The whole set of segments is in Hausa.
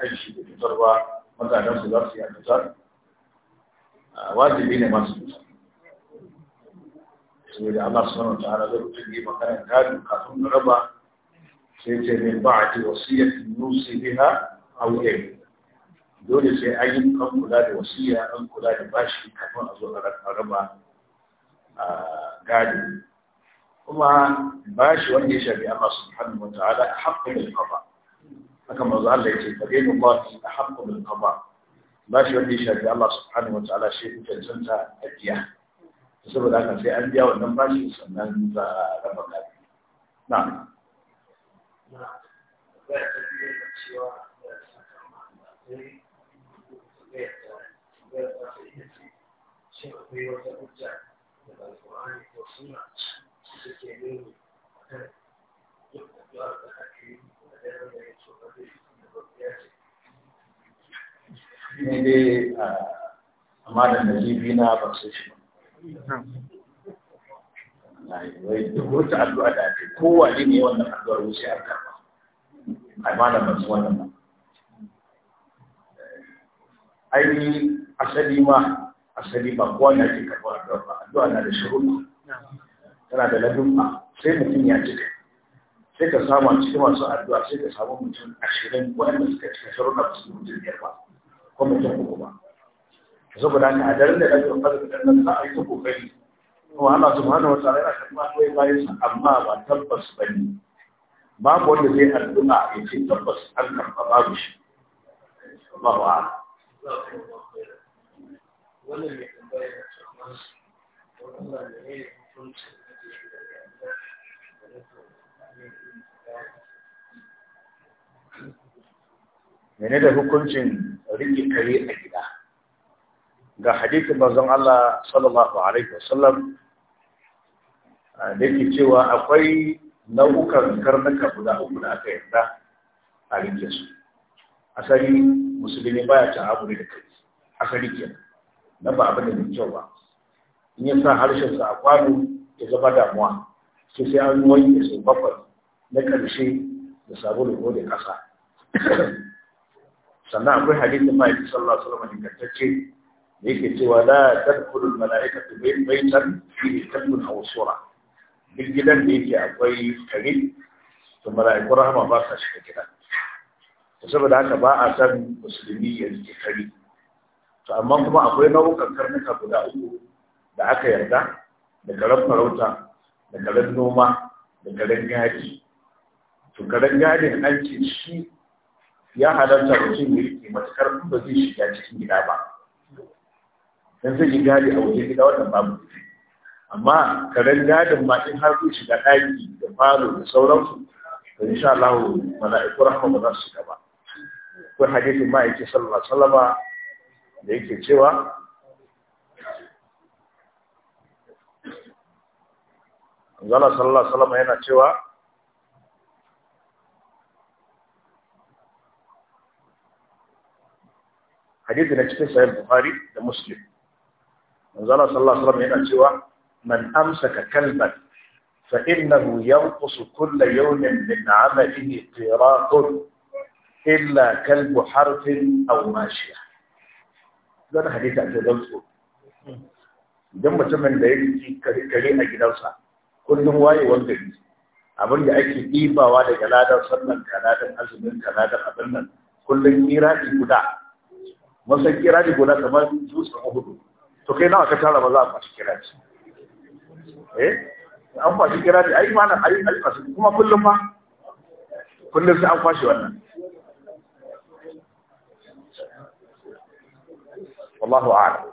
kan shi da fitarwa mutanen su za su yi a fitar wajibi ne masu fitar saboda Allah subhanahu wa ta'ala zai mutum yi magana gado kafin na raba sai ce min ba'ati wasiyatin nusi biha aw yayi dole sai an yi an kula da wasiya an kula da bashi kafin a zo a raba gado kuma bashi wanda ya shafi Allah subhanahu wa ta'ala haƙƙin al-qada haka manzo Allah ya ce fadin Allah fi ahqqu bil qada ba shi wanda ya shafi Allah subhanahu wa ta'ala shi ku cancanta a biya saboda haka sai an biya wannan bashi sannan za a raba gadi na'am shin akwai wata hujja daga alƙur'ani ko suna da suke nuni akan yin addu'a da ake yi a daren da ya ne dai amma da nazifi na ba su shi wai duk wata addu'a da ake kowane ne wannan addu'ar wuce a karba amma da ba su wannan ba ai asali ma asali ba kowa ne ake karba addu'a ba addu'a na da shirin tana da ladun ba sai mutum ya cika sai ka samu a cikin masu addu'a sai ka samu mutum ashirin wanda suka cika sharuɗa ba su mutum biyar ba ko mutum uku ba saboda haka a daren da ya ɗauki ɓarfi da nan za a yi ta kokari kuma ana su hana wata rana ta kuma ɗoyi bayan sa amma ba tabbas ba ne babu wanda zai addu'a ya ce tabbas an karɓa babu shi ba ba wannan ne tambayar da mene da hukuncin riƙe kare a gida ga hadithin mazan Allah sallallahu alaihi wasallam da ke cewa akwai nau'ukan karnuka guda uku da aka yarda a rike su asali musulmi baya ta abu da kai asali ke na ba abin da mai kyau ba in ya sa harshen sa a kwano ya zama damuwa sai sai an wanke sau bakwai na ƙarshe da sabulu ko da ƙasa sannan akwai hadisin ma'aikin sallallahu alaihi wasallam ingantacce da yake cewa la tadkhulul mala'ikatu baytan fihi kalbun aw sura duk gidan da yake akwai kare to mala'ikun rahama ba sa shiga gida to saboda haka ba a san musulmi ya yi kare to amma kuma akwai nau'ukan karnuka guda uku da aka yarda da karen farauta da karen noma da karen yaji to karen gadin an ce shi ya halarta mutum ya rike matakar ba zai shiga cikin gida ba Don zai yi gadi a wajen gida wannan babu amma karen gadin ma in har zai shiga ɗaki da falo da sauransu to sha Allah mala'iku rahama ba za su shiga ba akwai hadisin ma'aiki sallallahu alaihi wasallam da yake cewa Allah sallallahu alaihi wasallam yana cewa hadisi na cikin sahih bukhari da muslim manzo sallallahu alaihi wasallam yana cewa man amsaka kalban fa innahu yanqusu kulla yawmin min 'amalihi qiraqun illa kalbu harfin aw mashiya wannan hadisi a cikin idan mutumin da ya ci kare a gidansa kullum wayewar gari abin da ake ɗibawa daga ladar sannan ka ladar azumin ka ladar abin nan kullum iraki guda mun kira ne gona kamar dutsen hudu to kai nawa ka tara ba za a kira ce eh an kira ce ai mana ai ai fashi kuma kullum ma kullum sai an fashi wannan wallahu a'lam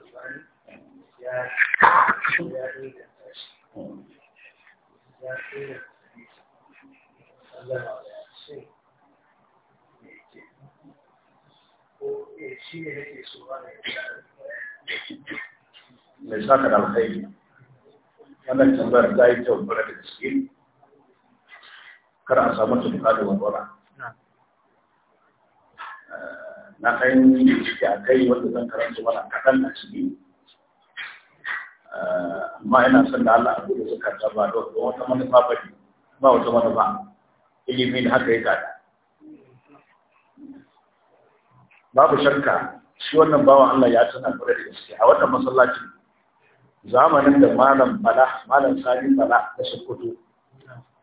ya da alkhairi wannan tambayar ta yi kyau bara da gaske kar a samu tuka da warwara na kan ne ciki a kai wanda zan karanta mana kaɗan na ciki amma ina son da Allah abu da suka taba da wata manufa ba ba wata manufa ilimi da haka ya gada babu shakka shi wannan bawan Allah ya tana kwarai da gaske a wannan masallacin zamanin da malam bala malam sani bala da sokoto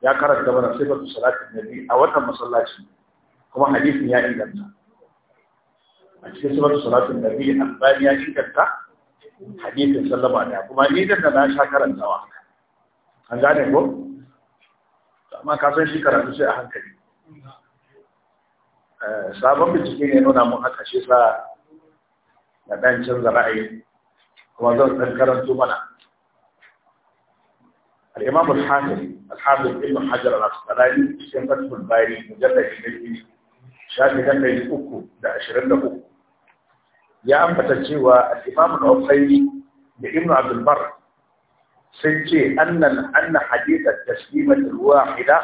ya karanta mana sifatu salatin nabi a wannan masallaci kuma hadisin ya inganta a cikin sifatu salatin nabi albani ya inganta hadisin sallama da kuma ni da na sha karantawa an gane ko amma ka san shi karatu sai a hankali eh, sabon bincike ne nuna mun haka shi sa na dan canza ra'ayi kuma zan ɗan karanto mana الإمام الحافظ الحافظ ابن حجر العسقلاني في فتح الباري مجلد النبي شافي كان في أكو ده عشرين أكو يا أم بتجيوا الإمام العقيلي بابن عبد البر سنجي أن أن حديث التسليمة الواحدة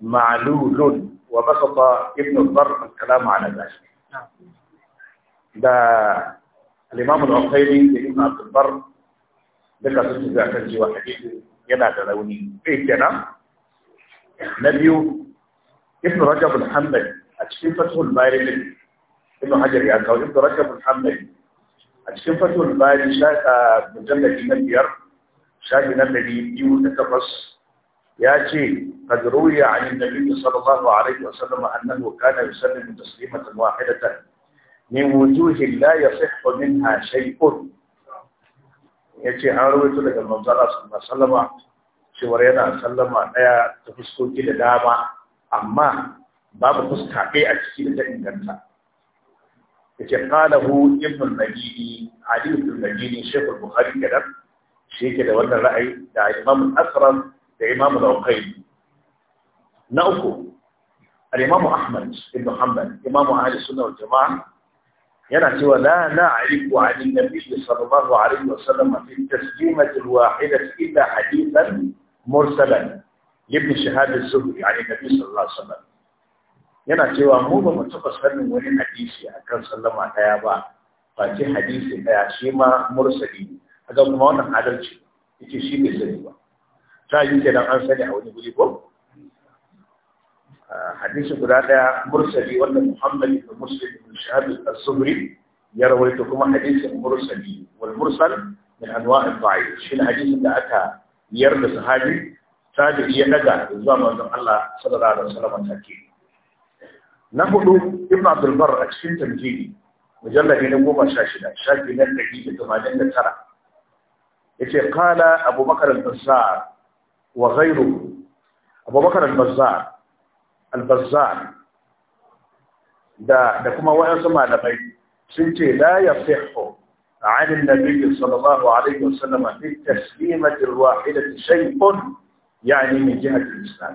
معلول وبسط ابن البر الكلام على ذلك ده الإمام العقيدي يقول عبد البر لك تسوى أفنج حديثه يدع دلوني إيه كنا نبيو ابن رجب الحمد أجسين فتح الباري ابن حجر يأكو يعني ابن رجب الحمد أجسين فتح الباري شاهد مجمع النبيار شاهد النبي يقول تتبص ياتي قد روي عن النبي صلى الله عليه وسلم أنه كان يسلم تسليمة واحدة min wujuhin la yasihhu minha shay'un yace an rawaito daga manzo Allah sallallahu alaihi cewar yana sallama daya ta fuskoki da dama amma babu fuska ɗaya a ciki da ta inganta yace qalahu ibn al-majidi ali ibn al-majidi shaykh al-bukhari kada shi yake da wannan ra'ayi da imam al-asram da imam al-uqayli na uku al-imam ahmad ibn hanbal imam ahli sunna wal jamaa yana cewa la na'rifu 'ala an-nabi sallallahu alaihi wasallam fi taslimati al-wahidati illa hadithan mursalan ibn shahab az-zuhri 'ala an-nabi sallallahu alaihi wasallam yana cewa mu ba mu taɓa sanin wani hadisi akan sallama ɗaya ba ce hadisi ɗaya shi ma mursali kaga kuma wannan adalci yace shi bai sani ba ta yi kenan an sani a wani guri ko ah, hadisi guda ɗaya mursali wanda Muhammad ibn Muslim شهاب ya يروي kuma حديث المرسل والمرسل من انواع الضعيف شين حديث ده aka yar da sahabi tabi ya daga zuwa manzon Allah sallallahu na huɗu, ibn abdul bar a cikin tamjidi mujallar na goma sha shida shafi na ɗari da tamanin da tara yace qala abu da kuma wayan su malamai sun ce la ya fiho a hannun nabi sallallahu alaihi wasallama fi taslimatin ruwa idan shai on ya ne mai jihar kristal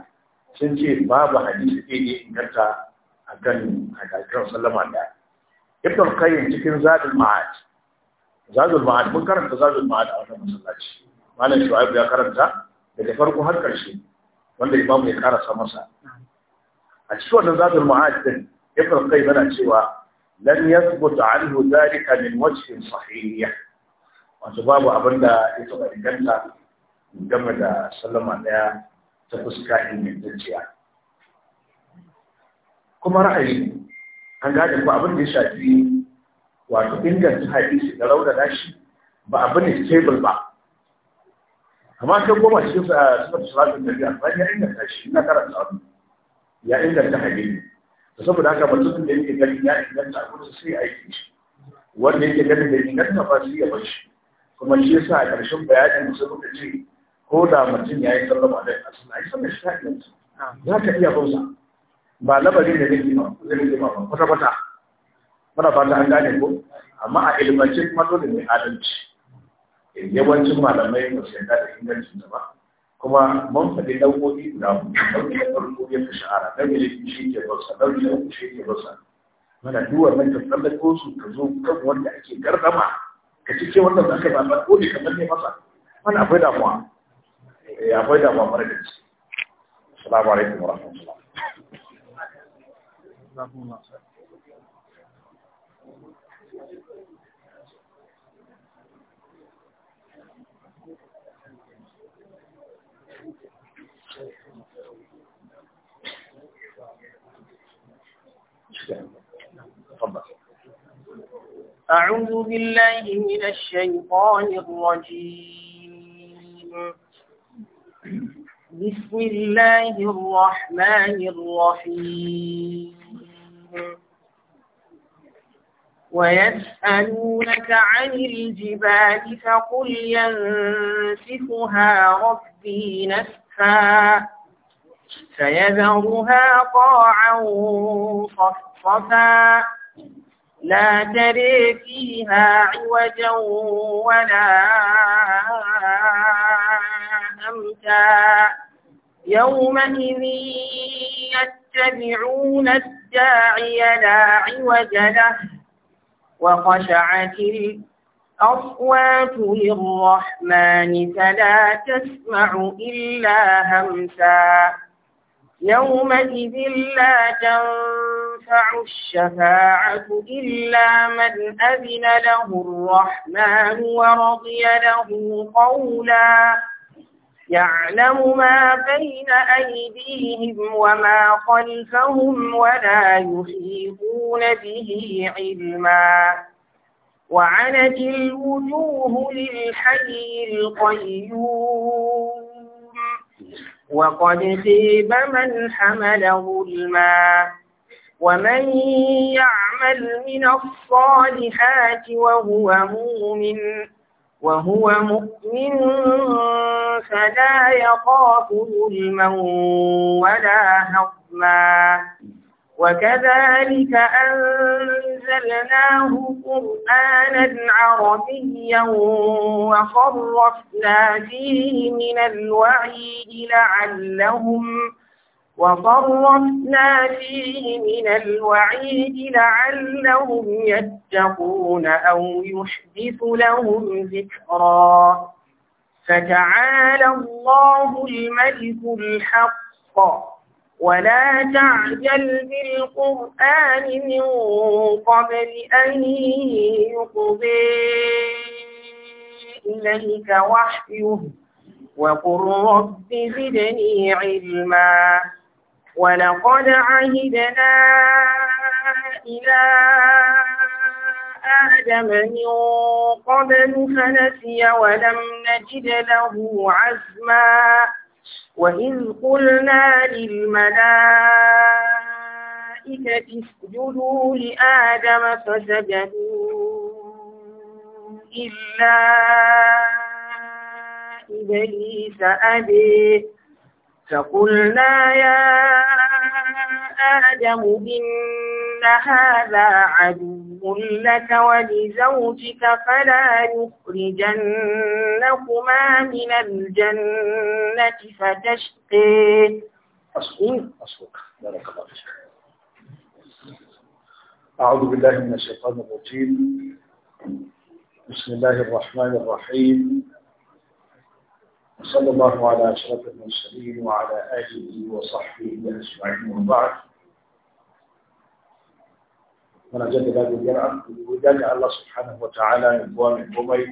sun ce babu hadisi ɗaya ne in karta a kan hadakar sallama da ibn kayin cikin zaɗin ma'ad zaɗin ma'ad mun karanta zaɗin ma'ad a wata masallaci malam shu'aibu ya karanta daga farko har ƙarshe wanda imamu ya karasa masa a cikin wannan zaɗin ma'ad din ibn qayyim yana cewa lan yasbut anhu dhalika min wajhin sahih wato babu abinda ya taba inganta game da sallama daya ta fuska ingantacciya kuma ra'ayi an gane ko abin da ya shafi wato inganta hadisi da raunana shi ba abin ne stable ba amma ta goma cikin sifar salatin da biya ya inganta shi na karanta ya inganta hadisi saboda haka mutum da yake ganin ya inganta abin sai aiki wanda yake ganin da inganta ba su iya shi kuma shi yasa a ƙarshen bayanin su muka ce ko da mutum ya yi sallama da asali ya sallar shi ta inganta za ka iya bauta ba labarin da zai yi ba kwata kwata muna fata an gane ko amma a ilimancin kuma dole ne adalci yawancin malamai ba su yarda da ingancin ta ba kuma mun faɗi ɗaukoki guda ɗauki da farko ya fi shahara ɗauki da shi ke barsa ɗauki da uku shi ke barsa mana duk wannan ka tsallako su ka zo kan wanda ake gardama ka ci ce za ka zaɓa ko ne ka tsalle masa mana akwai damuwa eh, akwai damuwa mara da ci assalamu alaikum wa rahmatullah تفضل أعوذ بالله من الشيطان الرجيم بسم الله الرحمن الرحيم ويسألونك عن الجبال فقل ينسفها ربي نسفا فيذرها طاعا صفا صفا لا تري فيها عوجا ولا أمتا يومئذ يتبعون الداعي لا عوج له وخشعت الأصوات للرحمن فلا تسمع إلا همسا يومئذ لا تنفع الشفاعة إلا من أذن له الرحمن ورضي له قولا يعلم ما بين أيديهم وما خلفهم ولا يحيطون به علما وعنت الوجوه للحي القيوم وقد خيب من حمل ظلما ومن يعمل من الصالحات وهو مؤمن وهو مؤمن فلا يخاف ظلما ولا هضما وكذلك أنزلناه قرآنا عربيا وصرفنا فيه من الوعيد لعلهم وصرفنا فيه من الوعيد لعلهم يتقون أو يحدث لهم ذكرا فتعالى الله الملك الحق ولا تعجل بالقرآن من قبل أن يقضي إليك وحيه وقل رب زدني علما ولقد عهدنا إلى آدم من قبل فنسي ولم نجد له عزما وإذ قلنا للملائكة اسجدوا لآدم فسجدوا إلا إبليس أبي فقلنا يا آدم إن إن هذا عدو لك ولزوجك فلا يخرجنكما من الجنة فتشقي أصلك بارك الله فيك أعوذ بالله من الشيطان الرجيم بسم الله الرحمن الرحيم وصلى الله على أشرف المرسلين وعلى آله وصحبه أجمعين وبعد muna jaddada godiyar godiya ga Allah subhanahu wa ta'ala ya kuwa mai komai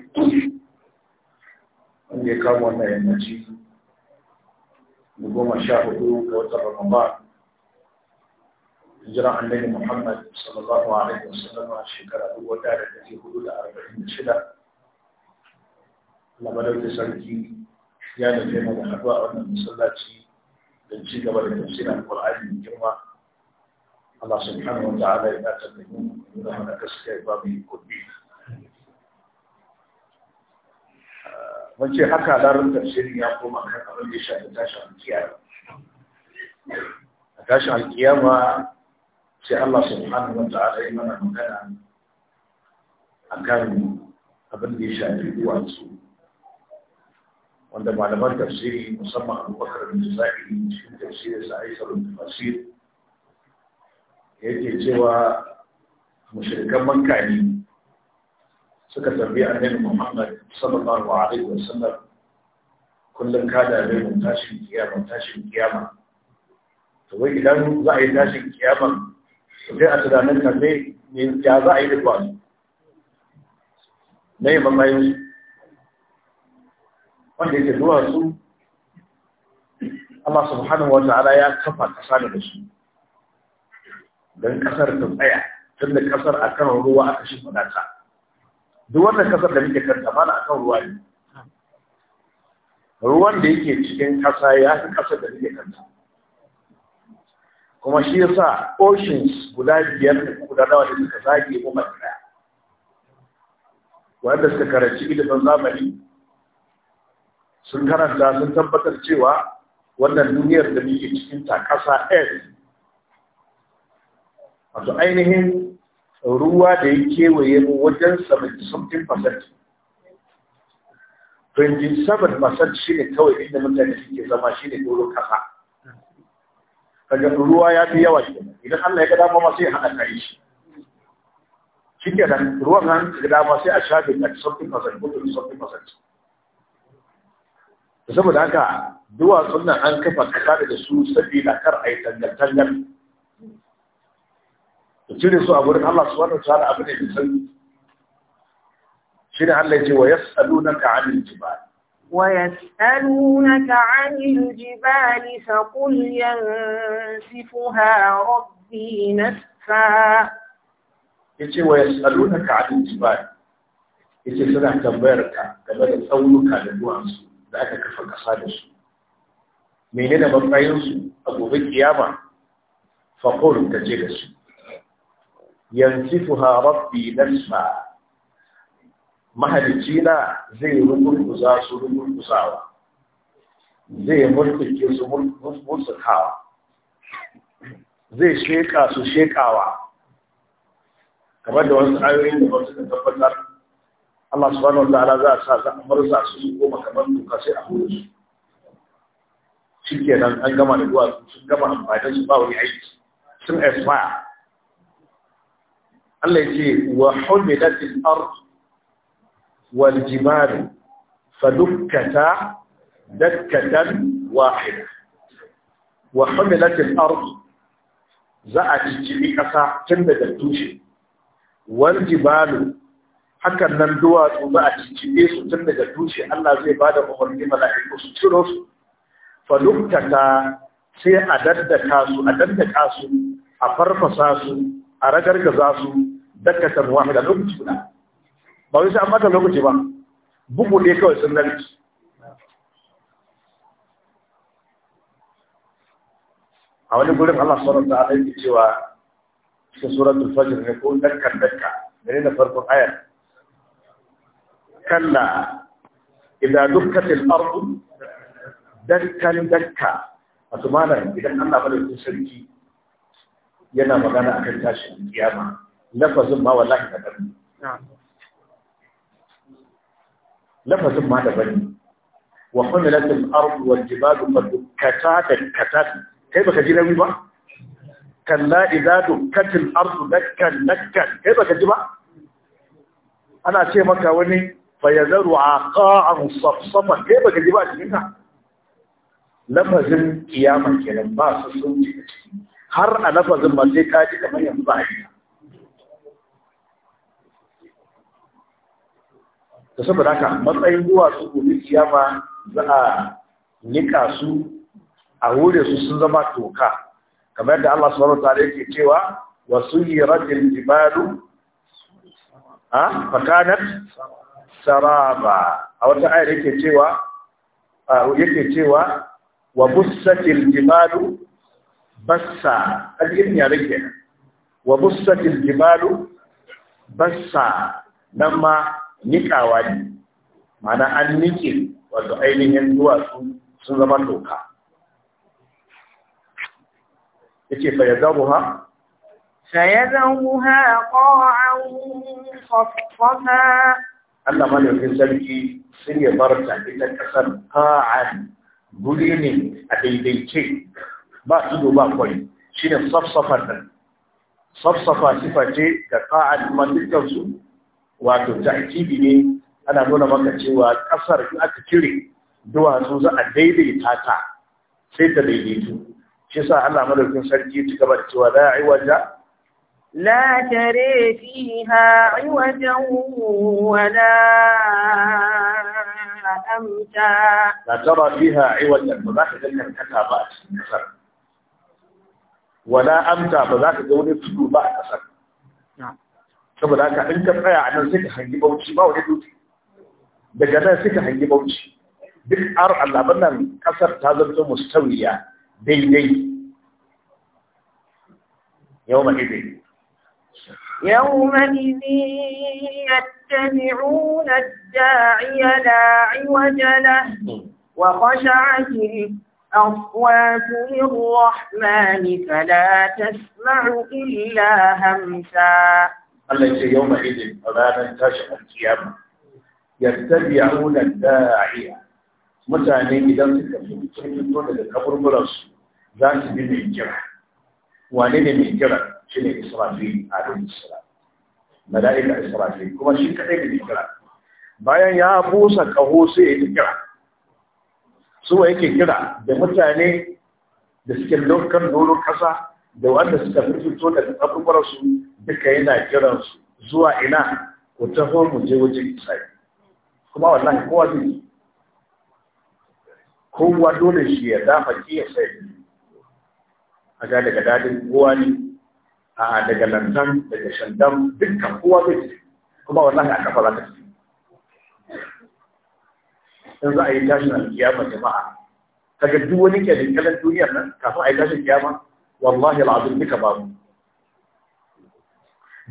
wanda ya kama wannan yammaci da goma sha hudu ga watan Ramadan hijira annabi Muhammad sallallahu alaihi wasallam a shekara dubu ɗaya da ɗari hudu da arba'in da shida labarai sarki ya nufi mana da haɗuwa a wannan masallaci don ci gaba da tafsirin Qur'ani girma Allah subhanahu wa ta'ala inata minhum na gaskiya ba mu yi kuɗi mun ce haka larin tafsirin ya koma kan abin da ya shafi tashin alkiyama a tashin alkiyama sai Allah subhanahu wa ta'ala ya mana magana a kan abin da ya shafi duwatsu wanda malaman tafsiri musamman abubakar da zahiri cikin tafsirin sa'aisar tafsir yake cewa mushirkan makka ne suka a nan Muhammad sallallahu alaihi wasallam kullum ka da bai mun tashin kiyama tashin kiyama to wai idan za a yi tashin kiyama sai a tunanin ka ne ya za a yi da kwani na yi mamayin wanda yake zuwa su Allah subhanahu wa ta'ala ya kafa kasa da su don kasar ta tsaya tun da kasar a kan ruwa aka shi ta duk wannan kasar da muke kanta ba a kan ruwa ne ruwan da yake cikin kasa ya fi kasar da muke kanta kuma shi yasa oceans guda biyar da guda nawa da suka zage mu ɗaya wanda suka karanci ilimin zamani sun karanta sun tabbatar cewa wannan duniyar da muke cikin ta kasa earth wato ainihin ruwa da ya kewaye wajen 77% 27% shi ne kawai inda mutane suke zama shi ne doron kasa kaga ruwa ya fi yawa shi idan Allah ya ga dama ma sai ya haɗa kai shi shi ke nan ruwan nan gada dama sai a shafe a 70% ko 70% saboda haka duwatsun nan an kafa kasa da su sabila kar a yi tangar-tangar cire su a wurin Allah Su subhanahu wataala abu ne san shi ne Allah ya ce wa yas'alunaka 'anil jibal ويسألونك عن الجبال فقل ينسفها ربي نسفا yace wa yas'alunaka 'anil jibal yace suna tambayar ka game da tsaunuka da duwatsu da aka kafa kasa da su menene matsayin su a gobe kiyama ta ce da su yansifuha rabbi nasfa mahalici na zai za su rubutawa zai murtuke su murtukawa zai sheka su shekawa kamar da wasu ayoyin da wasu da tabbatar Allah subhanahu wa ta'ala za a sa za a marza su su goma kamar duka sai a hudu su shi kenan an gama da duwatsu sun gama amfani su ba wani aiki sun expire Allah ya ce wa humilatil ard wal jibal dukkata dakkatan wahida wa humilatil ard za a ciccibi ƙasa tun daga tushe wal jibalu hakan nan duwatsu za a ciccibe su tun daga tushe Allah zai bada umarni mala'iku su ciro su dukkata sai a daddaka su a daddaka su a farfasa su a ragargaza su dakatan da lokaci guda ba wai sai an mata lokaci ba bugu ne kawai sun narki a wani gurin Allah subhanahu wa ta'ala yake cewa cikin suratul fajr ne ko dakkan dakka ne da farkon ayar kalla idza dukkatil ardu dakkan dakka wato malam idan Allah madaukakin sarki yana magana akan tashin kiyama lafazin ma wallahi da bari lafazin ma da bari wa humilat al-ard wal jibal fadukkata dakkat kai baka ji rawi ba kalla idza dukkat al ardu dakkan dakkan kai baka ji ba ana ce maka wani fayazaru aqa'an safsafa kai baka ji ba cikin ka lafazin kiyama kenan ba su sun har a lafazin ma sai ka ji kamar yanzu ba a da saboda haka matsayin duwatsu gobe siyama za a nika su a wure su sun zama toka kamar da Allah subhanahu wataala yake cewa wa suyiratil jibalu ha fakanat saraba a wata ayar yake cewa yake cewa wa bussatil jibalu bassa alilmi ya rike wa bussatil jibalu bassa nan ma nikawa ne mana an nike wato ainihin duwatsu sun zama doka yace fa yazabuha فيذرها قاعا صفصفا Allah malaukin sarki sun yi barta ita kasar ka'an guri ne a daidaice ba tudu ba kwai shi ne safsafar nan safsafa sifa ce ga ka'an su. wato tahkibi ne ana nuna maka cewa kasar in aka cire duwatsu za a daidaita ta sai ta daidaitu shi sa Allah madaukin sarki ya ci gaba da cewa la aiwaja لا تري فيها عوجا ولا أمتا لا ترى فيها عوجا فذاك ذلك كتابات ولا أمتا فذاك ذلك كتابات saboda haka in ka tsaya a nan sai ka hangi bauchi ba wani dutse daga nan sai ka hangi bauchi duk ar alaban nan kasar ta zanto mustawiya daidai يومئذ يومئذ يتبعون الداعي لا عوج له وخشعت الأصوات للرحمن فلا تسمع إلا همسا Allah ce yau mai izin ranar tashin alkiyama yattabi'una da'iya mutane idan suka fito fito daga kaburburan su za su bi mai kira wane ne mai kira shi ne shine Israfil alaihi salam malaika Israfil kuma shi kadai ne mai kira bayan ya busa kaho sai ya kira su yake kira da mutane da suke lokacin doron kasa da wanda suka fito daga su duka yana kiransu zuwa ina ku taho mu je wajen isai kuma wallahi kowa zai kowa dole shi ya dafa ki ya sai a ga daga dadin kowa ne a daga lantan daga shandam dukkan kowa zai kuma wallahi a kafa za ta ce in za a yi tashin alkiyama jama'a kaga duk wani da kalan duniyar nan kafin a yi tashin kiyama wallahi al'azim duka babu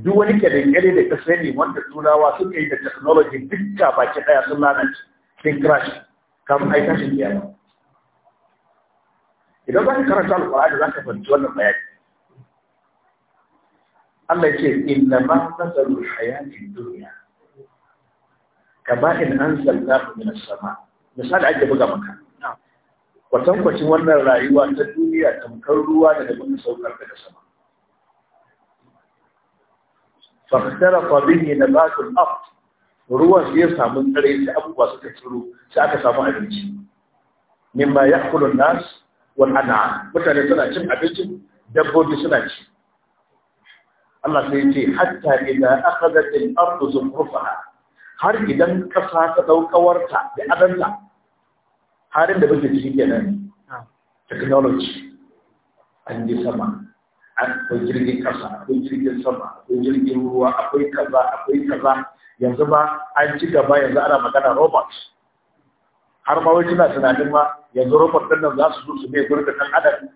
duk wani kyadankyare da ka sani wanda turawa suka yi da technology dukka baki daya sun lalace sun crash kamar ai tashin kiyama idan za ka karanta alƙur'ani za ka fahimci wannan bayani Allah ya ce inna ma masalul hayatid dunya kama in anzalnahu min as-sama misali ake buga maka Kwatan-kwacin wannan rayuwa ta duniya tamkar ruwa da da wani saukar daga sama fahtarafa na nabatul up, ruwan sai samu tsare sai abubuwa suka tsiro sai aka samu abinci mimma ya kulun nas wal ana, mutane suna cin abincin dabbobi suna ci Allah sai ce hatta idza aka al-ard zukhrufaha har idan kasa ta daukawarta da adanta halin da muke ciki kenan ah. technology an yi sama akwai jirgin ƙasa akwai jirgin sama akwai jirgin ruwa akwai kaza akwai kaza yanzu ma an ci gaba yanzu ana magana robot har ma wai suna tunanin ma yanzu robot ɗin nan za su zo su ne gurin da ɗan adam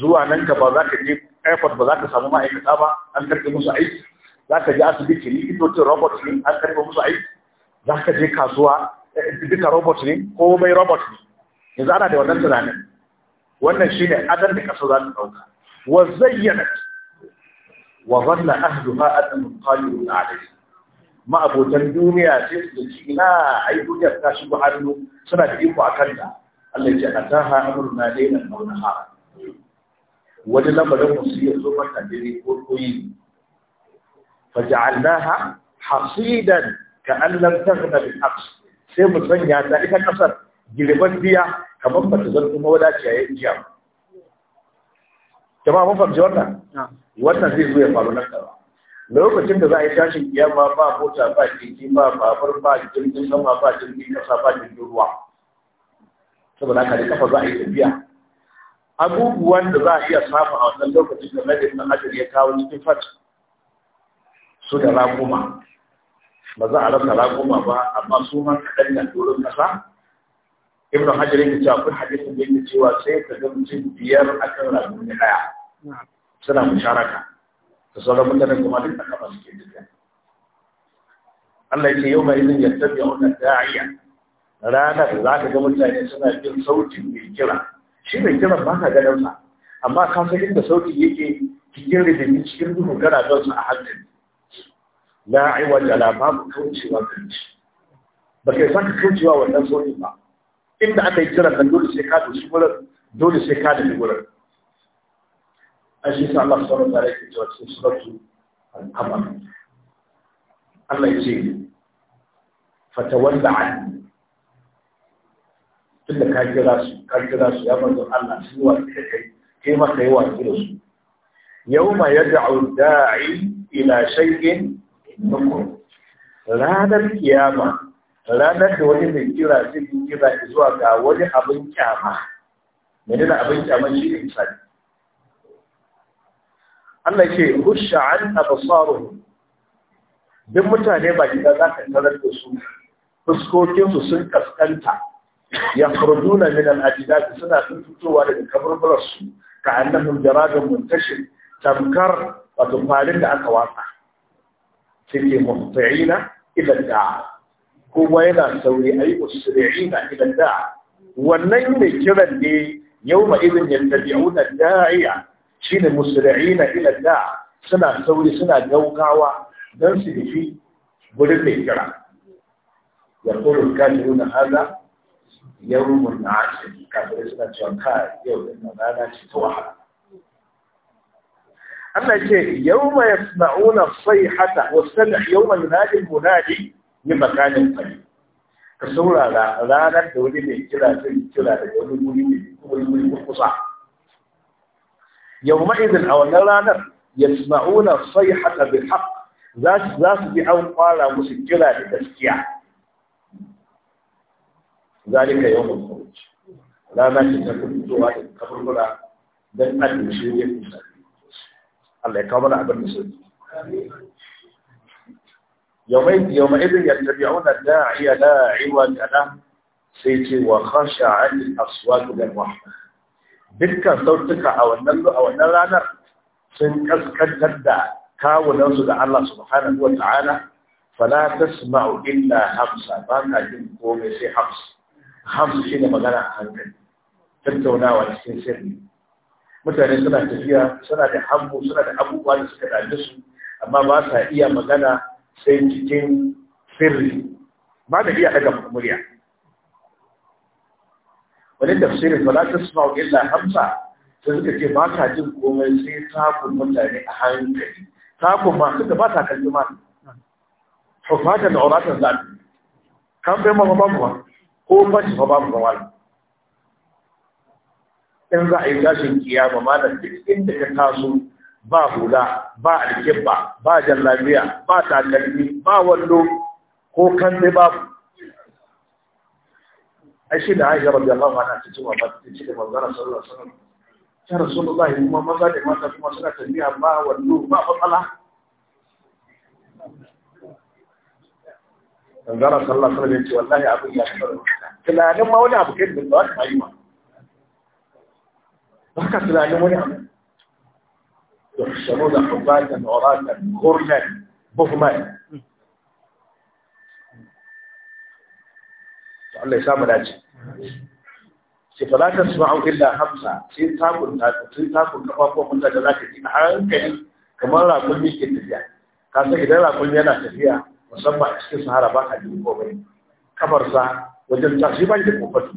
zuwa nan gaba za ka je airport ba za ka samu ma'aikata ba an karɓi musu aiki za ka je asibiti likitocin robot ne an karɓi musu aiki za ka je kasuwa duka robot ne ko mai robot ne yanzu ana da wannan tunanin wannan shi ne adal da kaso za ta dauka wa zayyana wa zanna ma annahum qadirun alayhi ma abotan duniya sai su ci ina ai duniya ta ba hannu suna da iko akan ta Allah ya ce ataha amruna layla wa ha wani lamarin musu ya zo mata dare ko koyi faja'alnaha hasidan ka'an lam taghna bil aqsa sai mu sanya ta ita kasar girban biya kamar ba ta zan kuma wadaciya ya ba. jama'a mun fahimci wannan wannan zai zo ya faru nan gaba lokacin da za a yi tashin kiyama ba mota ba keke ba babur ba jirgin sama ba jirgin kasa ba jirgin ruwa saboda haka da kafa za a yi tafiya abubuwan da za a iya samu a wannan lokacin da ladin na ya kawo cikin fat su da raguma ba za a rasa raguma ba amma su man kaɗan na ƙasa ibn hajar yake cewa kun hadisin da yake cewa sai ka ga mutum biyar kan ragumi ɗaya suna musharaka da sauran mutanen kuma duk a kafa suke duka. Allah ya ce yau mai izin yadda ya wannan da'iya ranar za ka ga mutane suna jin sautin mai kira shi mai kira ba ka ganin sa amma ka san inda sautin yake cikin rijimi cikin duhu gara don su a hankali la aiwata la babu kaucewa gare shi ba kai san ka kaucewa wannan sauyi ba inda aka yi kira kan dole sai ka dushi wurin dole sai ka dushi wurin a shi sa Allah sauran da yake cewa cikin suratu al Allah ya ce fatawalla an tunda ka kira su ka kira su ya manzo Allah su wa kai kai ma kai wa kira su yawma yad'u da'i ila shay'in ranar kiyama ranar da wani mai kira zai yi kira zuwa ga wani abin kyama mai na abin kyama shi ne misali Allah ke rusha an absaruhu duk mutane ba kida za ka tarar da su fuskokinsu sun kaskanta ya furduna min al-ajdad suna sun fitowa daga kamar su ka annabin jaradun muntashir tamkar wato falin da aka wasa suke mumta'ina idan da, kuma yana sauri ai usri'ina idan da, wannan ne kiran ne yauma yadda yattabi'una da'iya shine musri'ina idan da suna sauri suna gaukawa, don su nufi wurin mai kira ya kuru kafiru na haza yawon na kafin suna cewa ka yau da rana ce ta wahala Allah ce yawma yasma'una sayhata wa sami yawma yunadi munadi min makanin qarib ka saurara ranar da wani mai kira zai kira da wani wuri wuri wuri kusa yawma idan a wannan ranar yasma'una sayhata bil haqq za su za su bi an fara musu kira da gaskiya zalika yawmul khuruj rana ce ta fitowa da kaburbura dan addu'a ya kusa Allah ya kawo mana abin da sauki yawma idin yattabi'una da'iya la iwaja la sai ce wa khasha'al aswat lil rahman dukkan sautuka a wannan a wannan ranar sun kaskantar da kawunansu da Allah subhanahu wa ta'ala fala tasma'u illa hamsa ba ka jin komai sai hamsa hamsa shine magana a hankali tattaunawa cikin sirri mutane suna tafiya suna da hango suna da abubuwa da suka dame su amma ba sa iya magana sai cikin sirri ba da iya daga murya wani tafsirin ba za ta suna illa hamsa sai suka ce ba sa jin komai sai takun mutane a hankali takun ma suka ba sa kalli ma hufatan da auratan zaɓi kan bai ma babu ba ko fashi ba babu ba wani in za a yi tashin kiyama malam duk inda ka taso ba hula ba alkibba ba jallabiya ba takalmi ba wallo ko kan dai babu ai shi da Aisha radiyallahu anha ta ce wa ba ta ce da manzon sallallahu alaihi wasallam ya rasulullahi kuma maza da mata kuma suna tafiya ba wallo ba fatsala manzon sallallahu alaihi wasallam ya ce wallahi abin ya fara tunanin ma wani abu kai da ba ta yi ma ba ka tunanin wani abu يحشرون حباتا عراة غرلا بهما Allah ya samu dace. Sai fa za ta suwa illa hamsa sai takun sai takun kafafun da za ta ji a hankali kamar rakun ne ke tafiya. Ka san idan rakun yana tafiya musamman a cikin sahara ba ka jin komai. Kafarsa wajen tashi ba shi da kofato.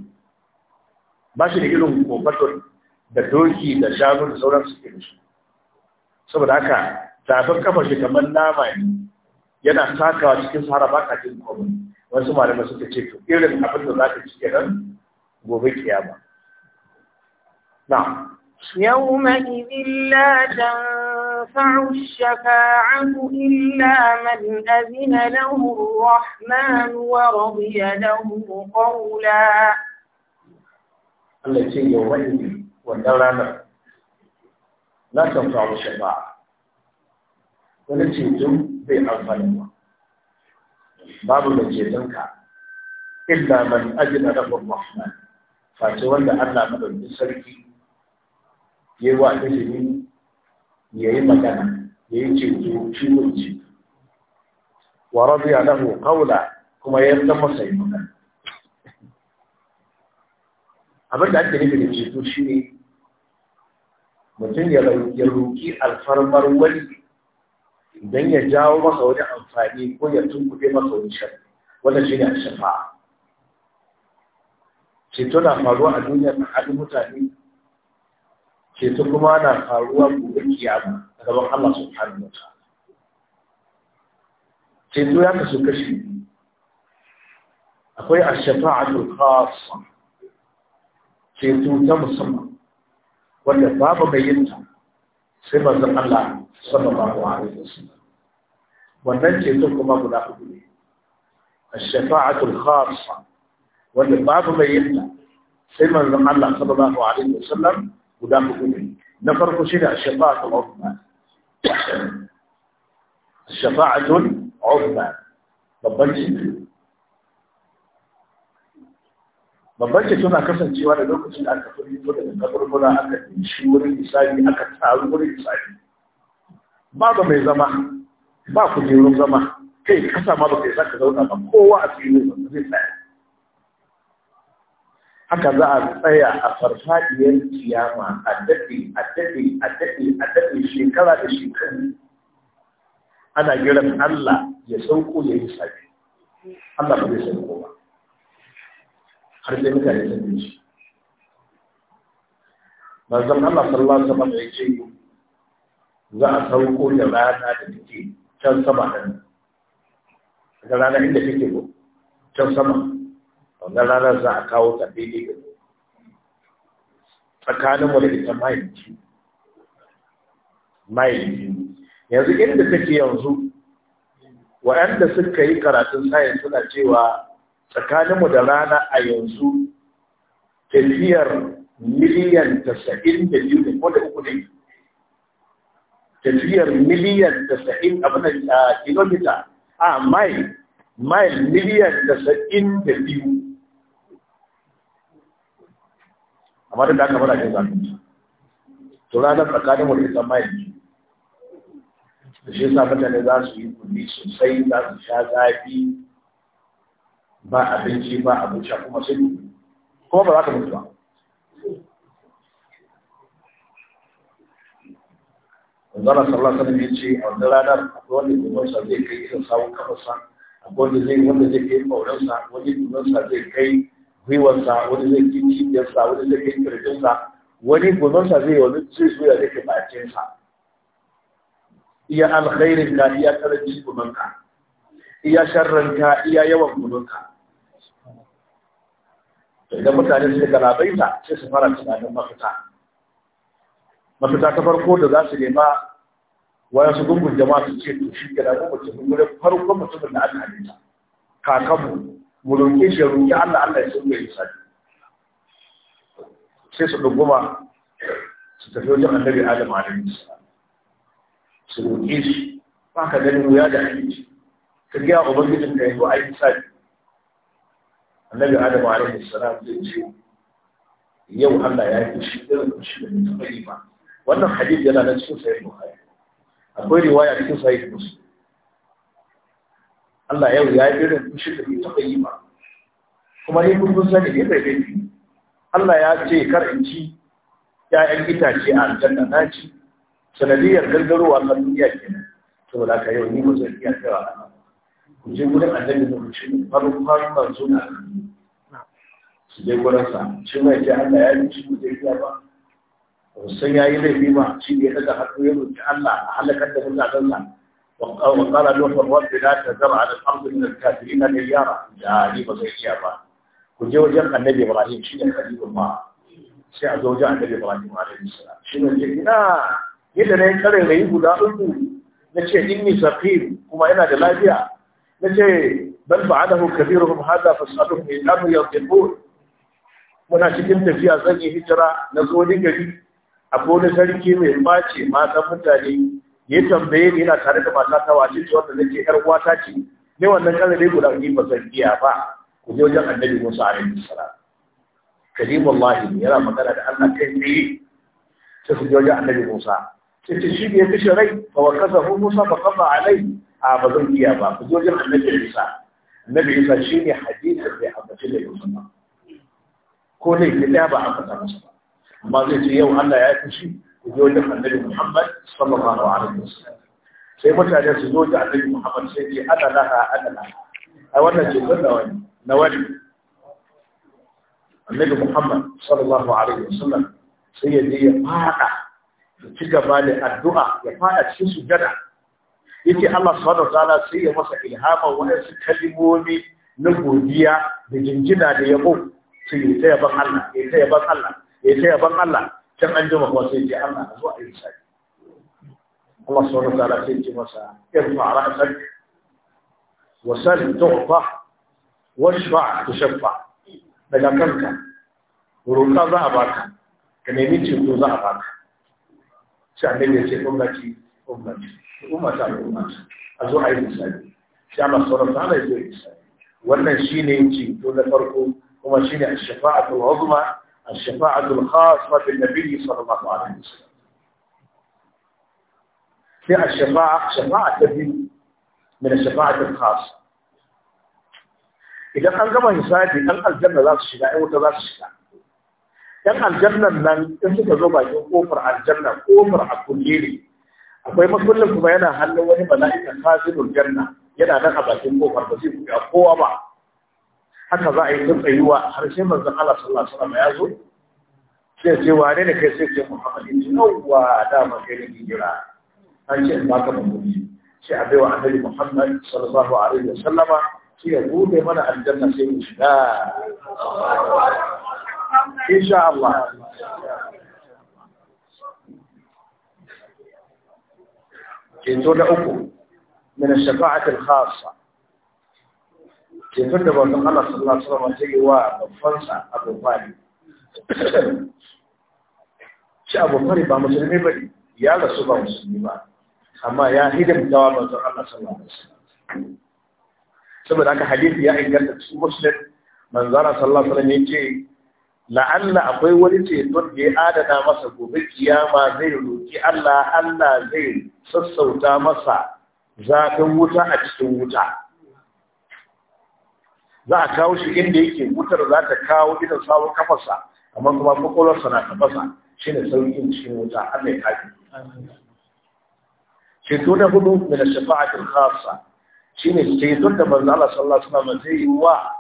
Ba shi da irin kofato da doki da shanu da sauran suke da shi saboda haka tafin kafa shi kamar nama ne yana sakawa cikin sahara ba ka jin komai wasu malamai suka ce to irin abin da za ka ci kenan gobe kiyama na يومئذ لا تنفع الشفاعة إلا من أذن له الرحمن ورضي له قولا التي يومئذ wannan ranar na kan faru shafa'a wani cikin bai amfani ba babu da cetonka illa man a rabbur rahman face wanda Allah madaukakin sarki ya yi wa ya yi magana yayi ceto ciwon ci wa ya lahu kawula kuma ya yi masa yi magana abin da ake nufi da ceto ne. mutum ya roƙi alfarmar wani don ya jawo masa wani amfani ko ya tunkuɗe masa wani shan wanda shi ne a shafa ceto na faruwa a duniya na haɗin mutane ceto kuma na faruwa gobe kiyama a gaban Allah subhanahu wa ta'ala ceto ya kasu kashi akwai a shafa'atul khassa ceto ta musamman wanda babu mai yin ta sai manzon Allah sallallahu alaihi wasallam wannan ceto kuma guda hudu ne الشفاعة الخاصة والبعض ما يمنع سيما الله صلى الله عليه وسلم ودام قومي نفرق الشفاعة العظمى الشفاعة العظمى طبعا babban ceto na kasancewa da lokacin da aka fito daga kaburbura aka shi wurin isa'i aka taru wurin isa'i ba mai zama ba kujerun zama kai kasa ma kai za ka zauna ba kowa a cikin zai zai tsaya haka za a tsaya a farfadiyar kiyama a daɗe a daɗe a daɗe a daɗe shekara da shekaru ana jiran Allah ya sauko ya yi sabi Allah ba zai sauko ba har sai mutane sun bi shi manzon Allah sallallahu alaihi wasallam ya ce za a sauko da rana da take can sama da ga rana inda take ko can sama wannan ranar za a kawo ta daidai ga tsakanin mu da ita mahaifi mahaifi yanzu inda take yanzu waɗanda suka yi karatun sayan suna cewa tsakaninmu da rana a yanzu tafiyar miliyan tasa'in da biyu da kuma da uku ne tafiyar miliyan tasa'in abin da kilomita a mile mile miliyan tasa'in da biyu amma da aka fara jin zafi to rana tsakaninmu da ita mile da shi sa mutane za su yi kuɗi sosai za su sha zafi ba abinci ba abinci kuma sai kuma ba za ka mutu ba Zara sallallahu alaihi wasallam ce a wannan ranar akwai wanda dubansa zai kai irin sawun kafarsa akwai wanda zai wanda zai kai kaurinsa wani dubansa zai kai gwiwarsa wani zai kai cibiyarsa wani zai kai kirjinsa wani dubansa zai wani zai zuya zai kai bakinsa iya alkhairin ka iya karancin gumanka iya sharranka, iya yawan gumanka idan mutane suka galabaita sai su fara tunanin mafita mafita ta farko da za su nema wayan su gungun jama'a su ce to shi gida ko mutum gurin farko mutumin da aka halitta kakanmu mu roƙe shi ya Allah Allah ya sauke ya sai su dubuma su tafi wajen annabi Adam alaihi salam su roƙe shi ba ka ganin wuya da aiki ka ga ubangijin ka a aiki sai annabi adam alaihi salam zai ce yau Allah ya yi shi irin shi da ta bari ba wannan hadith yana nan cikin sahih bukhari akwai riwaya cikin sahih muslim Allah yau ya yi irin shi da ta bari ba kuma ni kun sani ne bai bai Allah ya ce kar in ci ya'yan itace a aljanna na ci sanadiyar gargarowa kan duniya kenan saboda haka yau ni ba zan iya kira a nan ku je wurin annabi lokacin farin farin ba suna su je gurinsa shi mai ce Allah ya yi shi zai iya ba sun ya yi laifi ma shi ne daga hannu ya roƙi Allah a halakar da mutanen nan وقال لوح الرب لا تذر على الارض من الكافرين ديارا لا لي ba zai iya ba ku je wajen annabi ibrahim shi ne khalilullah sai a zo wajen annabi ibrahim alaihi salam shi ne ina yadda na yi kare rayu guda uku na ce in inni saqim kuma ina da lafiya nace bal ba'adahu kabiruhum hada fasaluhum in kanu yantiqun muna cikin tafiya zan yi hijira na zo ni gari akwai wani sarki mai face matan mutane ya tambaye ni yana tare da mata ta wace ce wanda nake yar uwata ce ne wannan kan dai guda ni ba zan iya ba ku je wajen annabi Musa alaihi salam kalimullahi yana magana da Allah kai ne sai su je wajen annabi Musa sai ce shi ne ya kashe rai fa wakasahu Musa fa qada alaihi a ba zan iya ba ku zo jin annabi Isa annabi Isa shine hadisin da ambaci da Yusuf ko ne da ba a fata masa ba amma zai ce yau Allah ya fushi ku zo jin annabi Muhammad sallallahu alaihi wasallam sai mutane su zo da annabi Muhammad sai ce ana laha ana laha ai wannan ce zan da wani na wani annabi Muhammad sallallahu alaihi wasallam sai ya je ya fada ya ci gaba da addu'a ya fada cikin sujada yake Allah subhanahu ta'ala sai ya masa ilhama waɗansu kalimomi na godiya da jinjina da yabo sai ya ta yaban Allah ya ta yaban Allah ya ta yaban Allah can an jima kuma sai ya Allah a zuwa yin sai Allah subhanahu ta'ala sai ya masa irfa ra'sak wa sal wa shfa tushfa daga kanka roƙa za a baka ka nemi ceto za a baka sai annabi ya ce gwamnati أمتي أمتي أمتي أزوحي شيني الشفاعة العظمى الشفاعة الخاصة بالنبي صلى الله عليه وسلم في الشفاعة شفاعة من الشفاعة الخاصة إذا كان قبل يسادي كان الجنة لا تشفاء أو لا تشفاء كان الجنة من أنت تزوج أو فرع الجنة أو فرع كل يوم akwai makullin kuma yana hannun wani mala'ika kafirul janna yana nan a bakin kofar ba zai buɗe kowa ba haka za a yi tun tsayuwa har sai manzon Allah sallallahu alaihi wasallam ya zo sai ce wane ne kai sai ce Muhammad in ji yawwa da ma kai ne jira an ce ba ka mutunci sai a baiwa annabi Muhammad sallallahu alaihi wasallama sai ya bude mana aljanna sai mu shiga insha Allah ceto na uku min shafa'at al-khassa ceto da wannan Allah sallallahu alaihi wasallam wa babban sa Abu Bakar shi Abu ba musulmi ba ya rasu ba musulmi ba amma ya hidimta wa manzon Allah sallallahu alaihi saboda haka hadisi ya inganta cikin muslim manzara sallallahu alaihi wasallam yace la'alla akwai wani ceton da ya adana masa gobe kiyama zai roki Allah Allah zai sassauta masa zafin wuta a cikin wuta za a kawo shi inda yake wutar za ta kawo ita sawun kafarsa amma kuma kwakwalwarsa na tafasa shi ne sauƙin cikin wuta Allah ya kaji ceto na hudu da shafa'atul shi ne ceton da ban Allah sallallahu alaihi zai yi wa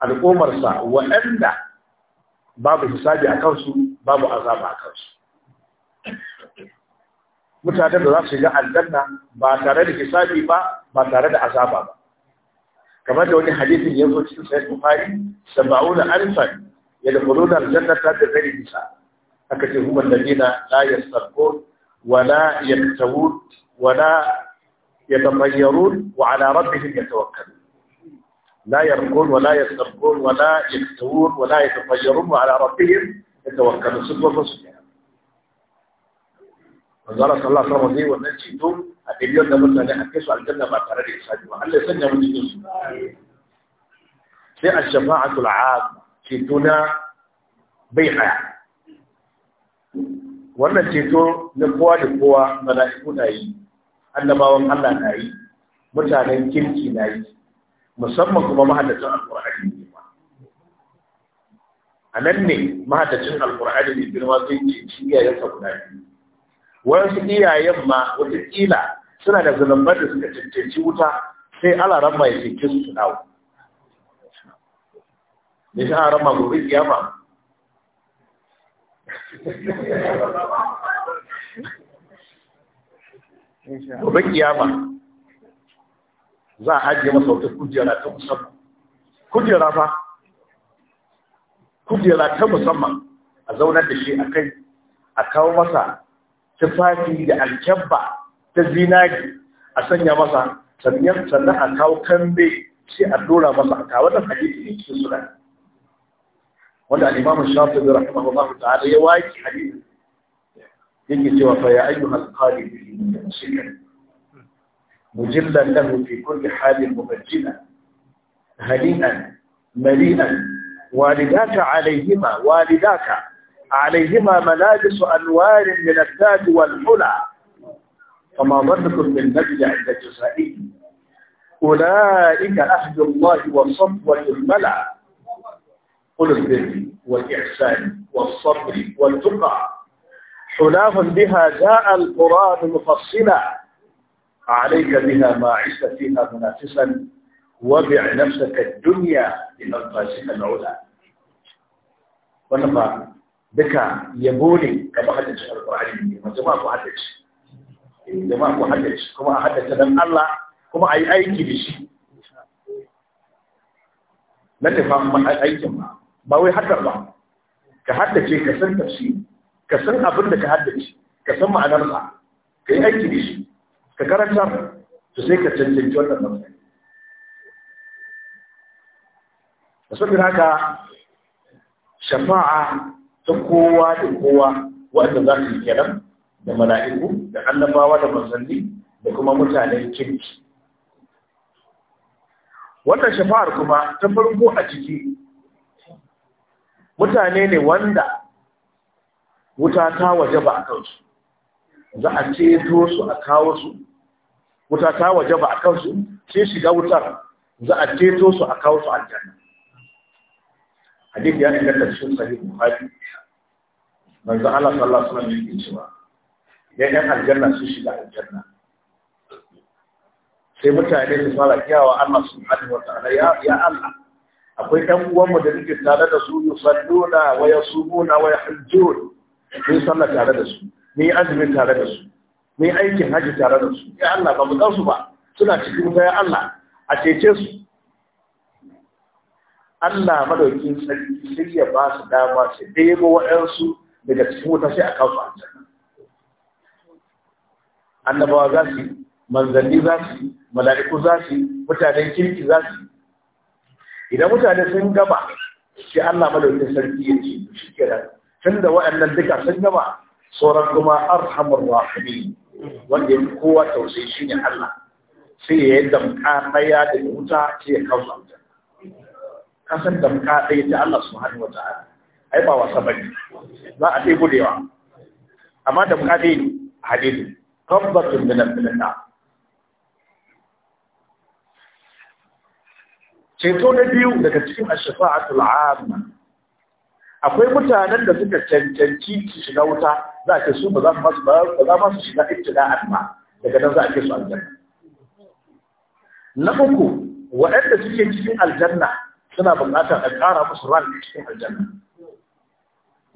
al'ummarsa waɗanda babu hisabi a kansu babu azaba a kansu mutanen da za su shiga aljanna ba tare da hisabi ba ba tare da azaba ba kamar da wani hadisin ya zo cikin sai bukhari sab'una alfan kudu aljanna ta da zai hisa aka ce hum alladina la yastabqun wa la yaktawun wa la yatamayyarun wa ala rabbihim yatawakkalun لا يرقون ولا يسترقون ولا يكتوون ولا يتفجرون وعلى ربهم يتوكلون صدق وصدق وزارة الله صلى الله عليه وسلم ونجيتم أبيليون دبرنا لحكيس على الجنة بعد ترى لي إساجي وعلى سنة ونجيتم في الجماعة العام جيتونا بيعا ونجيتو لقوة لقوة ملائكونا أي أنما وقالنا أي متعلم كمتي أي musamman kuma mahaddacin alqur'ani ne ma nan ne mahaddacin alqur'ani ne bin wasu ce iyayen sa guda biyu wasu iyayen ma wata kila suna da zulumbar da suka cancanci wuta sai ala ramma ya cece su su dawo me shi ala ramma gobe kiyama gobe kiyama za a ajiye masa wata kujera ta musamman kujera fa kujera ta musamman a zaunar da shi a kai a kawo masa tufafi da alkyabba ta zinari a sanya masa sannan sannan a kawo kambe sai a dora masa a kawo da hadisi ne ke suna wanda al-Imam Shafi'i rahimahullahu ta'ala ya waki hadisi yake cewa fa ya ayyuhal qalibi shi shikr مجلا له في كل حال مبجلا هنيئا مليئا والداك عليهما والداك عليهما ملابس أنوار من التاج والحلى فما ظنكم بالنبي عند الجزائي أولئك أهل الله وصفوة الملأ قل البر والإحسان والصبر والتقى حلاه بها جاء القرآن مفصلا عليك بها ما عشت فيها منافسا وبع نفسك الدنيا لمقاسك العلا ولما بك يبوني كما حدث القرآن جماعة محدث جماعة محدث كما حدث من الله كما أي أي كبش na tafi aikin ba ba wai hakan ba ka haddace ka san tafsi ka san abin da ka haddace ka san ma'anarsa ka yi aiki da shi ka karanta to sai ka cancanci wannan matsayi da saboda haka shafa'a ta kowa da kowa wanda za su yi kenan da mala'iku da annabawa da manzanni da kuma mutanen kirki wannan shafa'ar kuma ta farko a ciki mutane ne wanda wuta ta waje ba a kansu za a ceto su a kawo su wuta ta waje ba a kansu sai shiga wutar za a ceto su a kawo su aljanna hadith ya daga cikin sahih bukhari manzo Allah sallallahu alaihi wasallam yake cewa idan yan aljanna su shiga aljanna sai mutane su fara kiyawa Allah subhanahu wa ta'ala ya ya Allah akwai ɗan mu da nake tare da su yusalluna wa yasubuna wa yahajjun Sun sallah tare da su ni azumi tare da su mai aikin haji tare da su ya Allah ba mu su ba suna cikin wuta ya Allah a cece su Allah madaukin sarki sai ya ba su dama su ɗebo waɗansu daga cikin wuta sai a kawo su aljanna annabawa za su yi manzanni za su mala'iku za su mutanen kirki za su idan mutane sun gaba sai Allah madaukin sarki ya ce shi kenan tun da waɗannan duka sun gaba sauran kuma arhamar rahimi wanda ya kowa tausayi shi ne Allah sai ya yi damka ɗaya da wuta ce ya kawo zamta kasan damka ɗaya ta Allah su hannu wata ala ai ba wasa bane za a ɗaya gudewa amma damka ɗaya ne hadisi tabbatun da nan bida ceto na biyu daga cikin ash-shafa'atul 'amma akwai mutanen da suka cancanci su shiga wuta za a ce su ba za su ba za ma su shiga ibtila'an ba daga nan za a ke su aljanna na uku waɗanda suke cikin aljanna suna buƙatar a ƙara musu ran cikin aljanna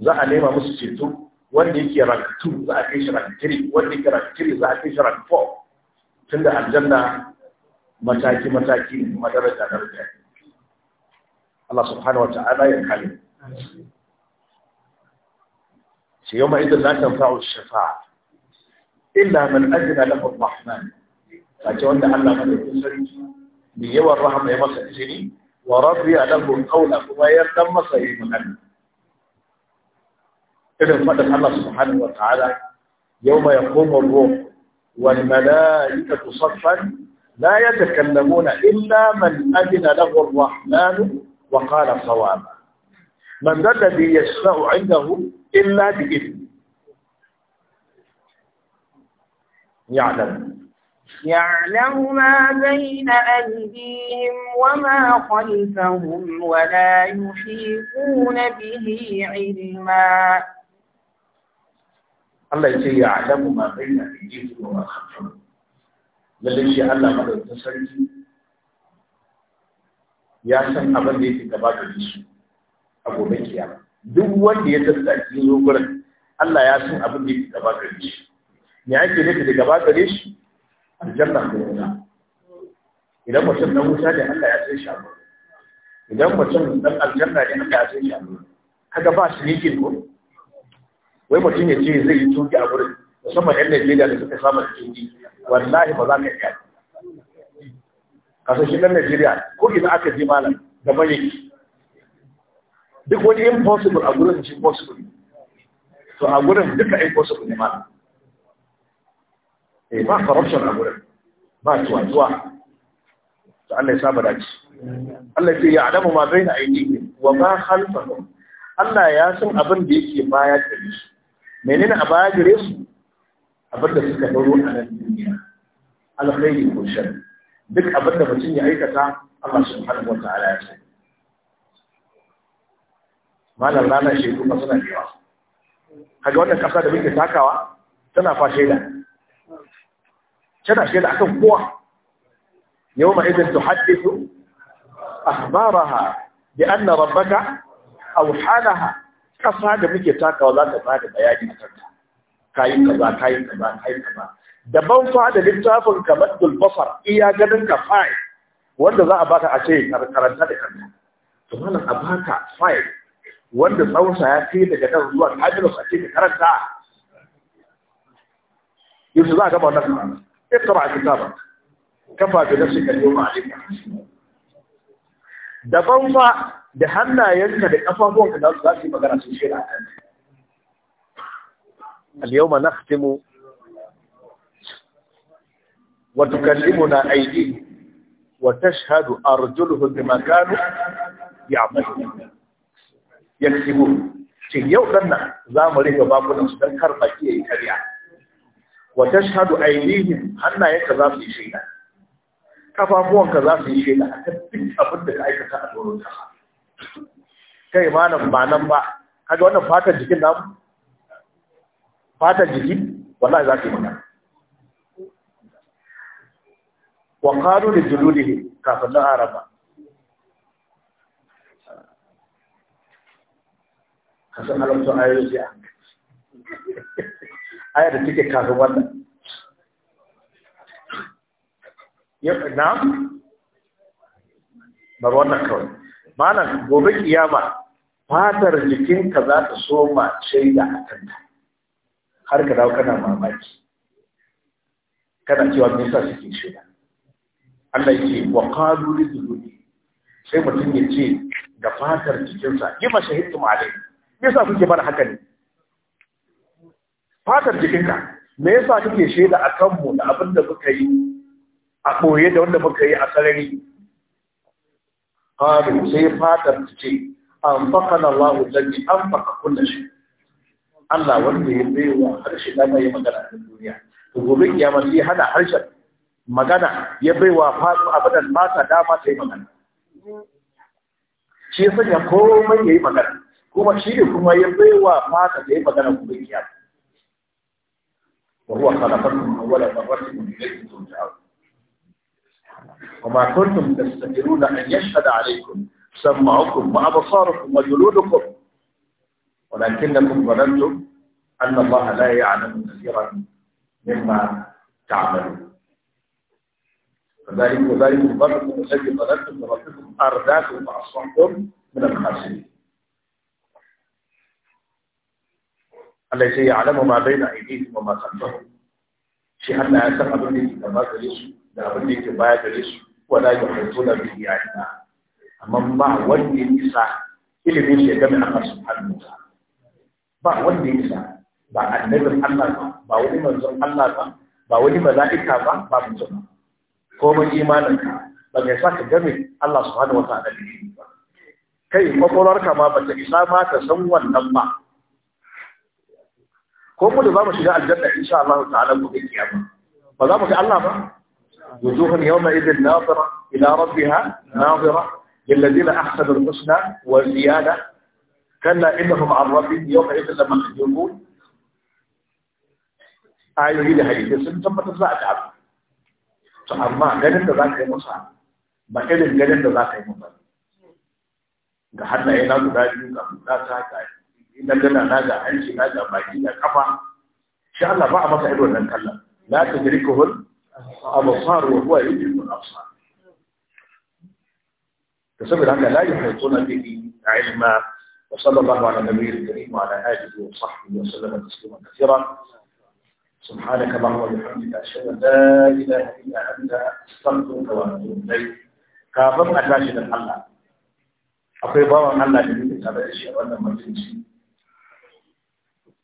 za a nema musu ceto wanda yake rank 2 za a kai shi rank 3 wanda yake rank 3 za a kai shi rank 4 tunda aljanna mataki mataki madara da daraja Allah subhanahu wa ta'ala ya kare يومئذ لا تنفع الشفاعة إلا من أذن له الرحمن فأتوند على من يسرد من يوى الرحمة ورضي له القول فغير لما سيد من إذن فتح الله سبحانه وتعالى يوم يقوم الروح والملائكة صفا لا يتكلمون إلا من أذن له الرحمن وقال صوابا من ذا الذي يشفع عنده إلا بإذن يعلم يعلم ما بين أيديهم وما خلفهم ولا يحيطون به علما الله يجي يعلم ما بين أيديهم وما خلفهم للذي الله مدد تسجي يا سن أبن ديتي تبادل الشيء a gobe kiyama duk wanda ya tattaki zo gurin Allah ya san abin da yake gaba gare shi me ake nufi da gaba gare shi aljanna ko na idan mutum dan wuta ne Allah ya san shi idan mutum dan aljanna ne Allah ya san shi kaga ba shi ne ke ko wai mutum ya ce zai yi tuki a gurin musamman yan Najeriya da suka samu tuki wallahi ba za ka iya kasashen Najeriya ko idan aka je malam da yake duk wani impossible a gurin shi possible to a gurin duka impossible ne ma eh ba corruption a gurin ba tuwa-tuwa to Allah ya saba dace Allah ya ya'lamu ma baina aydihim wa ma khalfahum Allah ya san abin da yake baya da su menene a baya gare su abin da suka dauro a nan duniya alkhairi ko shar duk abin da mutum ya aikata Allah subhanahu wa ta'ala ya san malam rana shaidu ba suna cewa, kaga wannan kasa da muke takawa tana fa shaida tana shaida akan kowa yawma idan tuhaddithu akhbaraha bi anna rabbaka awhalaha kasa da muke takawa za ta bada bayani akan ta kayi kaza kayi kaza kayi kaza ban fa da littafin kamadul basar iya gadon ka fa'il wanda za a baka a ce karanta da kanta to malam a baka fa'il wanda tsawonsa ya kai daga nan zuwa Nablus a cikin karanta yusuf za a gaba wannan kuma ikra kitaba kafa bi nafsika yawma alayka daban fa da hannayenka da kafafuwanka da za su yi magana sun shaida a kan اليوم نختم وتكلمنا أيديهم وتشهد أرجلهم بما كانوا يعملون yaksibu ce yau dan nan za mu rika bakunan su dan kar baki yi kariya wa tashhadu aydihim hannayenka za su yi shaida kafafuwanka za su yi shaida a kan duk abin da ka aikata a doron kasa kai ma nan ba nan ba kaga wannan fatar jikin namu fatar jiki wallahi za ta yi magana wa qalu li juludihim kafin na araba kasan alamtun ayo sai an aya da take kafin wannan ya na bar wannan kawai malam gobe kiyama fatar jikinka za ta soma shaida a kanta har ka dawo kana mamaki kana cewa me yasa suke shaida Allah yake wa qalu lidhuni sai mutum ya ce da fatar jikinsa yi mashahidtum alayhi yasa kuke mana haka ne fatar jikinka me yasa kake shaida a kanmu da abin da muka yi a ɓoye da wanda muka yi a sarari qalu sai fatar ce an faqana Allah an anfaqa kulli shi. Allah wanda ya baiwa harshe da yi magana a duniya to gobe kiyama sai hana harshen magana ya baiwa fatu abadan ba ta dama ta yi magana shi ya sanya komai ya yi magana kuma shi ne kuma ya baiwa mata da ya magana kuma ya وهو خلقكم أول مرة إليه ترجعون وما كنتم تستدرون أن يشهد عليكم سمعكم وأبصاركم وجلودكم ولكنكم ظننتم أن الله لا يعلم كثيرا مما تعملون فذلك وذلك الظن الذي ظننتم بربكم أرداكم وأصبحتم من الخاسرين Allah ya ce ya alama ma bai da aiki kuma ma kalfahu shi Allah ya san abin da yake gaba gare su da abin da yake baya gare su wala yuhituna bihi ilma amma ba wanda ya isa ilimin shi ya gami Allah subhanahu wa ba wanda ya isa ba annabin Allah ba ba wani manzon Allah ba ba wani mala'ika ba ba mutum ko mun imanin ka ba mai sa ka game Allah subhanahu wa ta'ala da ba kai kwakwalwarka ma ba ta isa ma ta san wannan ba ko mu da za mu shiga aljanna insha Allah ta'ala gobe kiyama ba za mu ga Allah ba wujuhun yawma idhin nadira ila rabbiha nadira للذين احسنوا الحسنى والزياده كلا انهم عن ربهم يومئذ لمحجوبون ayoyi da hadisi sun tabbatar za a ci abu to amma ganin da za ka yi musa ba irin ganin da za ka yi musa ga hannaye na guda biyu ga guda ta ga inda kana na ga hanci na ga baki na kafa shi Allah ba a masa ido nan kallon la tudrikuhul absar wa huwa yudrikul absar to saboda haka la yuhituna bihi ilma wa sallallahu ala nabiyyil karim wa ala alihi wa sahbihi wa sallama taslima kathira سبحانك اللهم وبحمدك اشهد ان لا اله الا انت استغفرك واتوب اليك kafin a tashi da Allah akwai bawan Allah da yake tare da shi a wannan mutunci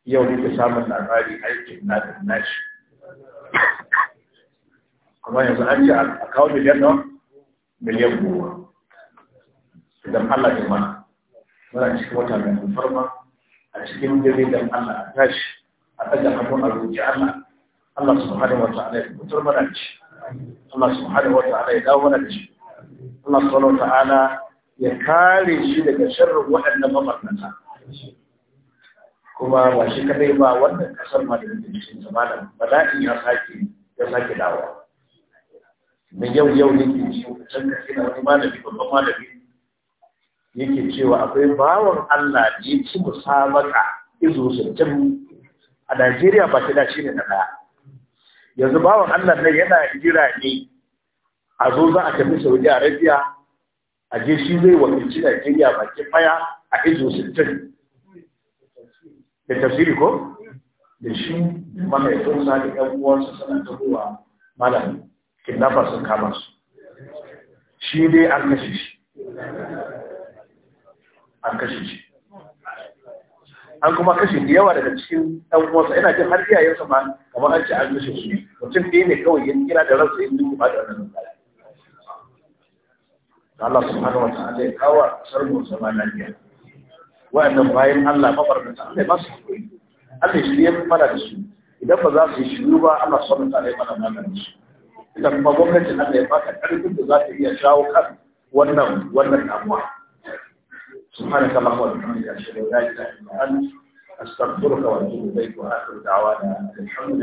yau nake samun labari aikin na da nashi kuma yanzu an ce a kawo miliyan nawa miliyan goma idan Allah ya mana Mana cikin wata mai alfarma a cikin dare idan Allah a tashi a ɗaga hannu a roƙi Allah Allah subhanahu wata ta'ala ya mutar mana ci Allah subhanahu wata ta'ala ya dawo mana ci Allah subhanahu wa ta'ala ya kare shi daga sharrin waɗannan mabarnata kuma ba shi kadai ba wannan kasar ma da mutuncin ba malam bala'in ya sake ya sake dawa. da yau yau yake ci can ka da wani malami babban malami yake cewa akwai bawan Allah da ya ci musabaka izo sittin a Najeriya ba ta dace ne na daya yanzu bawan Allah nan yana jira ne a zo za a tafi Saudi Arabia a je shi zai wakilci Najeriya baki baya a izo sittin da tafsiri ko da shi mana ya tausa da ɗan uwansa sanar da ruwa malam kidnapper sun kama su shi dai an kashe shi an kashe shi an kuma kashe da yawa daga cikin ɗan uwansa yana jin har iyayensa ma kamar an ce an kashe su mutum ɗaya ne kawai ya kira da ransa ya duk ba da wannan Allah subhanahu wa ta'ala ya kawo sarmu zaman lafiya wa'annan bayan Allah mabarkata Allah ba su hakuri Allah shi ya fara da su idan ba za su yi shiru ba Allah subhanahu wa ta'ala ya fara da su idan kuma gwamnatin Allah ya baka karfin da za ta iya shawo kan wannan wannan damuwa سبحانك اللهم وبحمدك اشهد ان لا اله الا انت استغفرك واتوب اليك واخر دعوانا الحمد